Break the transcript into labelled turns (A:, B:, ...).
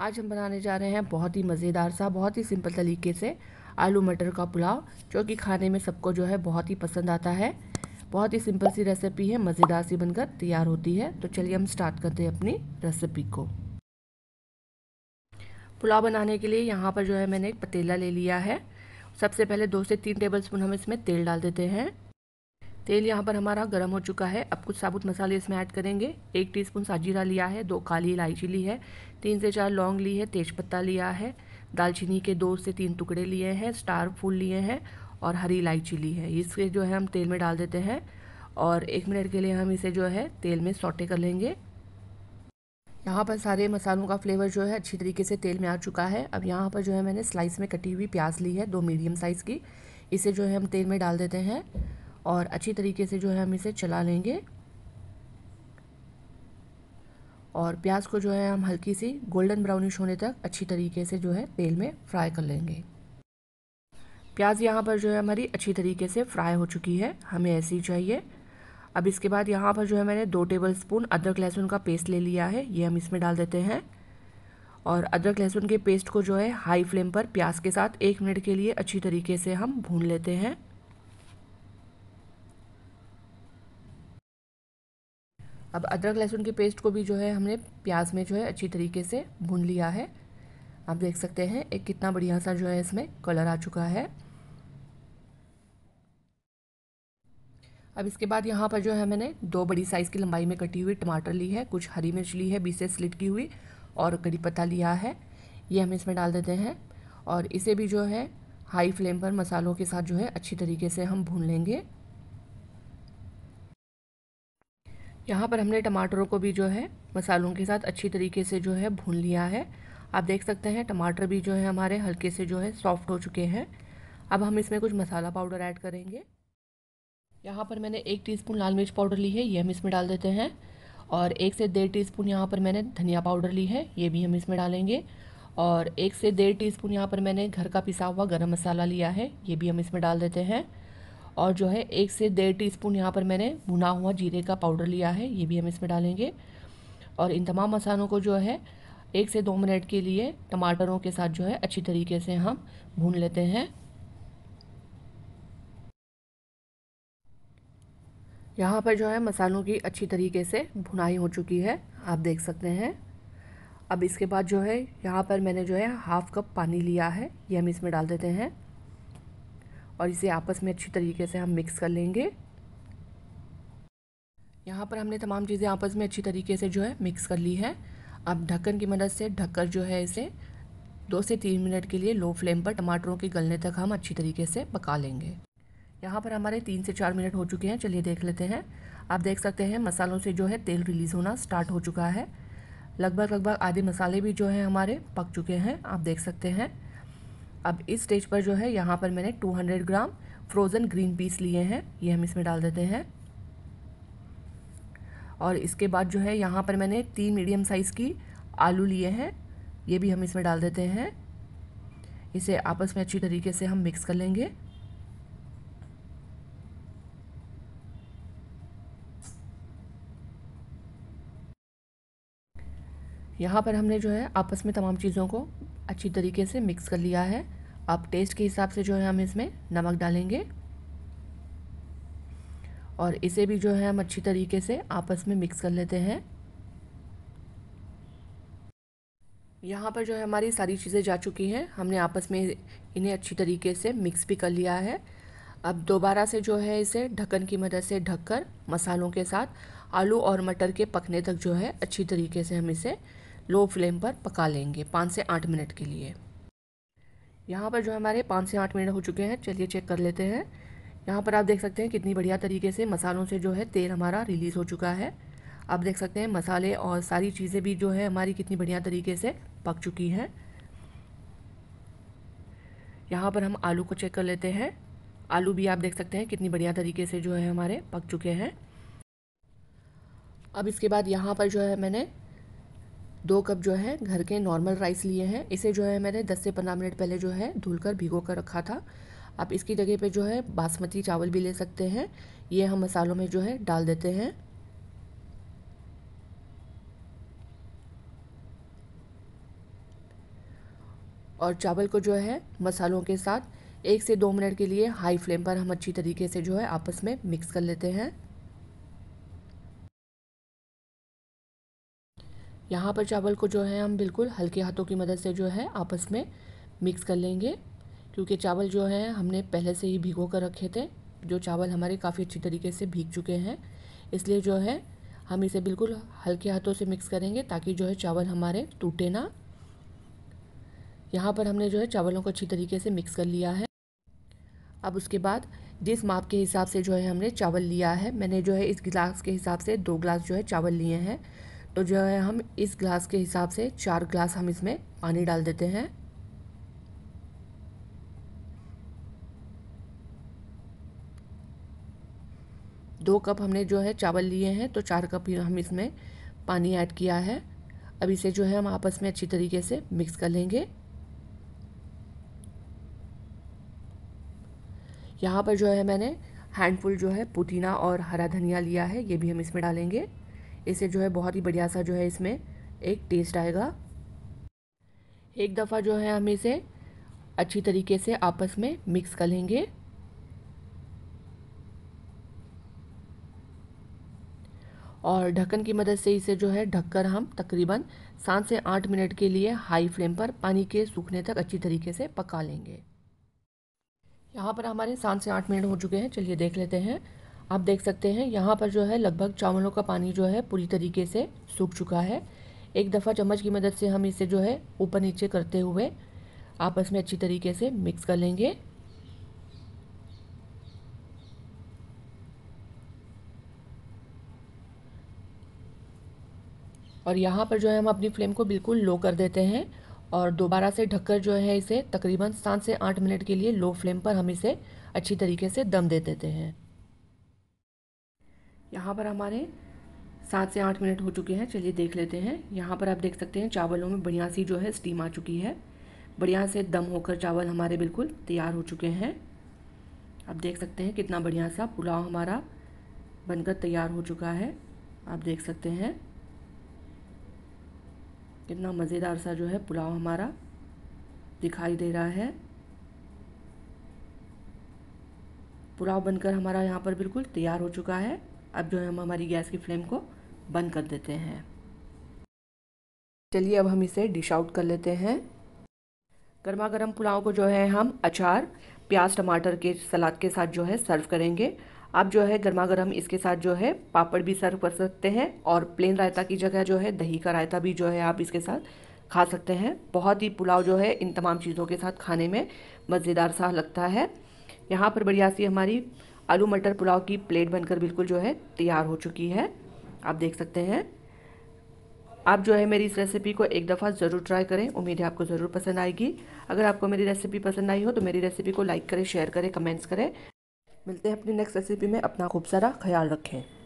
A: आज हम बनाने जा रहे हैं बहुत ही मज़ेदार सा बहुत ही सिंपल तरीके से आलू मटर का पुलाव जो कि खाने में सबको जो है बहुत ही पसंद आता है बहुत ही सिंपल सी रेसिपी है मज़ेदार सी बनकर तैयार होती है तो चलिए हम स्टार्ट करते हैं अपनी रेसिपी को पुलाव बनाने के लिए यहाँ पर जो है मैंने एक पतीला ले लिया है सबसे पहले दो से तीन टेबल स्पून हम इसमें तेल डाल देते हैं तेल यहाँ पर हमारा गर्म हो चुका है अब कुछ साबुत मसाले इसमें ऐड करेंगे एक टीस्पून साजीरा लिया है दो काली इलायची ली है तीन से चार लौंग ली है तेज़पत्ता लिया है दालचीनी के दो से तीन टुकड़े लिए हैं स्टार फूल लिए हैं और हरी इलायची ली है इसके जो है हम तेल में डाल देते हैं और एक मिनट के लिए हम इसे जो है तेल में सौटे कर लेंगे यहाँ पर सारे मसालों का फ्लेवर जो है अच्छी तरीके से तेल में आ चुका है अब यहाँ पर जो है मैंने स्लाइस में कटी हुई प्याज ली है दो मीडियम साइज़ की इसे जो है हम तेल में डाल देते हैं और अच्छी तरीके से जो है हम इसे चला लेंगे और प्याज को जो है हम हल्की सी गोल्डन ब्राउनिश होने तक अच्छी तरीके से जो है तेल में फ्राई कर लेंगे प्याज यहाँ पर जो है हमारी अच्छी तरीके से फ्राई हो चुकी है हमें ऐसी चाहिए अब इसके बाद यहाँ पर जो है मैंने दो टेबल स्पून अदरक लहसुन का पेस्ट ले लिया है ये हम इसमें डाल देते हैं और अदरक लहसुन के पेस्ट को जो है हाई फ्लेम पर प्याज के साथ एक मिनट के लिए अच्छी तरीके से हम भून लेते हैं अब अदरक लहसुन की पेस्ट को भी जो है हमने प्याज में जो है अच्छी तरीके से भून लिया है आप देख सकते हैं एक कितना बढ़िया सा जो है इसमें कलर आ चुका है अब इसके बाद यहाँ पर जो है मैंने दो बड़ी साइज़ की लंबाई में कटी हुई टमाटर ली है कुछ हरी मिर्च ली है बीस से स्लिट की हुई और कड़ी पत्ता लिया है ये हम इसमें डाल देते हैं और इसे भी जो है हाई फ्लेम पर मसालों के साथ जो है अच्छी तरीके से हम भून लेंगे यहाँ पर हमने टमाटरों को भी जो है मसालों के साथ अच्छी तरीके से जो है भून लिया है आप देख सकते हैं टमाटर भी जो है हमारे हल्के से जो है सॉफ्ट हो चुके हैं अब हम इसमें कुछ मसाला पाउडर ऐड करेंगे यहाँ पर मैंने एक टीस्पून लाल मिर्च पाउडर ली है ये हम इसमें डाल देते हैं और एक से डेढ़ टीस्पून यहाँ पर मैंने धनिया पाउडर ली है ये भी हम इसमें डालेंगे और एक से डेढ़ टीस्पून यहाँ पर मैंने घर का पिसा हुआ गरम मसाला लिया है ये भी हम इसमें डाल देते हैं और जो है एक से डेढ़ टीस्पून यहाँ पर मैंने भुना हुआ जीरे का पाउडर लिया है ये भी हम इसमें डालेंगे और इन तमाम मसालों को जो है एक से दो मिनट के लिए टमाटरों के साथ जो है अच्छी तरीके से हम भून लेते हैं यहाँ पर जो है मसालों की अच्छी तरीके से भुनाई हो चुकी है आप देख सकते हैं अब इसके बाद जो है यहाँ पर मैंने जो है हाफ़ कप पानी लिया है ये हम इसमें डाल देते हैं और इसे आपस में अच्छी तरीके से हम मिक्स कर लेंगे यहाँ पर हमने तमाम चीज़ें आपस में अच्छी तरीके से जो है मिक्स कर ली है अब ढक्कन की मदद से ढककर जो है इसे दो से तीन मिनट के लिए लो फ्लेम पर टमाटरों के गलने तक हम अच्छी तरीके से पका लेंगे यहाँ पर हमारे तीन से चार मिनट हो चुके हैं चलिए देख लेते हैं आप देख सकते हैं मसालों से जो है तेल रिलीज़ होना स्टार्ट हो चुका है लगभग लगभग आधे मसाले भी जो है हमारे पक चुके हैं आप देख सकते हैं अब इस स्टेज पर जो है यहाँ पर मैंने 200 ग्राम फ्रोज़न ग्रीन पीस लिए हैं ये हम इसमें डाल देते हैं और इसके बाद जो है यहाँ पर मैंने तीन मीडियम साइज़ की आलू लिए हैं ये भी हम इसमें डाल देते हैं इसे आपस में अच्छी तरीके से हम मिक्स कर लेंगे यहाँ पर हमने जो है आपस में तमाम चीज़ों को अच्छी तरीके से मिक्स कर लिया है आप टेस्ट के हिसाब से जो है हम इसमें नमक डालेंगे और इसे भी जो है हम अच्छी तरीके से आपस में मिक्स कर लेते हैं यहाँ पर जो है हमारी सारी चीज़ें जा चुकी हैं हमने आपस में इन्हें अच्छी तरीके से मिक्स भी कर लिया है अब दोबारा से जो है इसे ढक्कन की मदद से ढककर मसालों के साथ आलू और मटर के पकने तक जो है अच्छी तरीके से हम इसे लो फ्लेम पर पका लेंगे पाँच से आठ मिनट के लिए यहाँ पर जो हमारे पाँच से आठ मिनट हो चुके हैं चलिए चेक कर लेते हैं यहाँ पर आप देख सकते हैं कितनी बढ़िया तरीके से मसालों से जो है तेल हमारा रिलीज़ हो चुका है आप देख सकते हैं मसाले और सारी चीज़ें भी जो है हमारी कितनी बढ़िया तरीके से पक चुकी हैं यहाँ पर हम आलू को चेक कर लेते हैं आलू भी आप देख सकते हैं कितनी बढ़िया तरीके से जो है हमारे पक चुके हैं अब इसके बाद यहाँ पर जो है मैंने दो कप जो है घर के नॉर्मल राइस लिए हैं इसे जो है मैंने 10 से 15 मिनट पहले जो है धुल कर भिगो कर रखा था आप इसकी जगह पे जो है बासमती चावल भी ले सकते हैं ये हम मसालों में जो है डाल देते हैं और चावल को जो है मसालों के साथ एक से दो मिनट के लिए हाई फ्लेम पर हम अच्छी तरीके से जो है आपस में मिक्स कर लेते हैं यहाँ पर चावल को जो है हम बिल्कुल हल्के हाथों की मदद से जो है आपस में मिक्स कर लेंगे क्योंकि चावल जो है हमने पहले से ही भिगो कर रखे थे जो चावल हमारे काफ़ी अच्छी तरीके से भीग चुके हैं इसलिए जो है हम इसे बिल्कुल हल्के हाथों से मिक्स करेंगे ताकि जो है चावल हमारे टूटे ना यहाँ पर हमने जो है चावलों को अच्छी तरीके से मिक्स कर लिया है अब उसके बाद जिस माप के हिसाब से जो है हमने चावल लिया है मैंने जो है इस गिलास के हिसाब से दो गिलास जो है चावल लिए हैं तो जो है हम इस ग्लास के हिसाब से चार ग्लास हम इसमें पानी डाल देते हैं दो कप हमने जो है चावल लिए हैं तो चार कप हम इसमें पानी ऐड किया है अब इसे जो है हम आपस में अच्छी तरीके से मिक्स कर लेंगे यहाँ पर जो है मैंने हैंडफुल जो है पुदीना और हरा धनिया लिया है ये भी हम इसमें डालेंगे इसे जो है बहुत ही बढ़िया सा जो है इसमें एक टेस्ट आएगा एक दफ़ा जो है हम इसे अच्छी तरीके से आपस में मिक्स कर लेंगे और ढक्कन की मदद से इसे जो है ढककर हम तकरीबन सात से आठ मिनट के लिए हाई फ्लेम पर पानी के सूखने तक अच्छी तरीके से पका लेंगे यहाँ पर हमारे सात से आठ मिनट हो चुके हैं चलिए देख लेते हैं आप देख सकते हैं यहाँ पर जो है लगभग चावलों का पानी जो है पूरी तरीके से सूख चुका है एक दफ़ा चम्मच की मदद से हम इसे जो है ऊपर नीचे करते हुए आपस में अच्छी तरीके से मिक्स कर लेंगे और यहाँ पर जो है हम अपनी फ्लेम को बिल्कुल लो कर देते हैं और दोबारा से ढककर जो है इसे तकरीबन सात से आठ मिनट के लिए लो फ्लेम पर हम इसे अच्छी तरीके से दम दे देते हैं यहाँ पर हमारे सात से आठ मिनट हो चुके हैं चलिए देख लेते हैं यहाँ पर आप देख सकते हैं चावलों में बढ़िया सी जो है स्टीम आ चुकी है बढ़िया से दम होकर चावल हमारे बिल्कुल तैयार हो चुके हैं आप देख सकते हैं कितना बढ़िया सा पुलाव हमारा बनकर तैयार हो चुका है आप देख सकते हैं कितना मज़ेदार सा जो है पुलाव हमारा दिखाई दे रहा है पुलाव बनकर हमारा यहाँ पर बिल्कुल तैयार हो चुका है अब जो है हम हमारी गैस की फ्लेम को बंद कर देते हैं चलिए अब हम इसे डिश आउट कर लेते हैं गर्मा गर्म पुलाव को जो है हम अचार प्याज टमाटर के सलाद के साथ जो है सर्व करेंगे आप जो है गर्मा गर्म इसके साथ जो है पापड़ भी सर्व कर सकते हैं और प्लेन रायता की जगह जो है दही का रायता भी जो है आप इसके साथ खा सकते हैं बहुत ही पुलाव जो है इन तमाम चीज़ों के साथ खाने में मज़ेदार सा लगता है यहाँ पर बढ़िया सी हमारी आलू मटर पुलाव की प्लेट बनकर बिल्कुल जो है तैयार हो चुकी है आप देख सकते हैं आप जो है मेरी इस रेसिपी को एक दफ़ा ज़रूर ट्राई करें उम्मीद है आपको ज़रूर पसंद आएगी अगर आपको मेरी रेसिपी पसंद आई हो तो मेरी रेसिपी को लाइक करें शेयर करें कमेंट्स करें मिलते हैं अपनी नेक्स्ट रेसिपी में अपना खूब सारा ख्याल रखें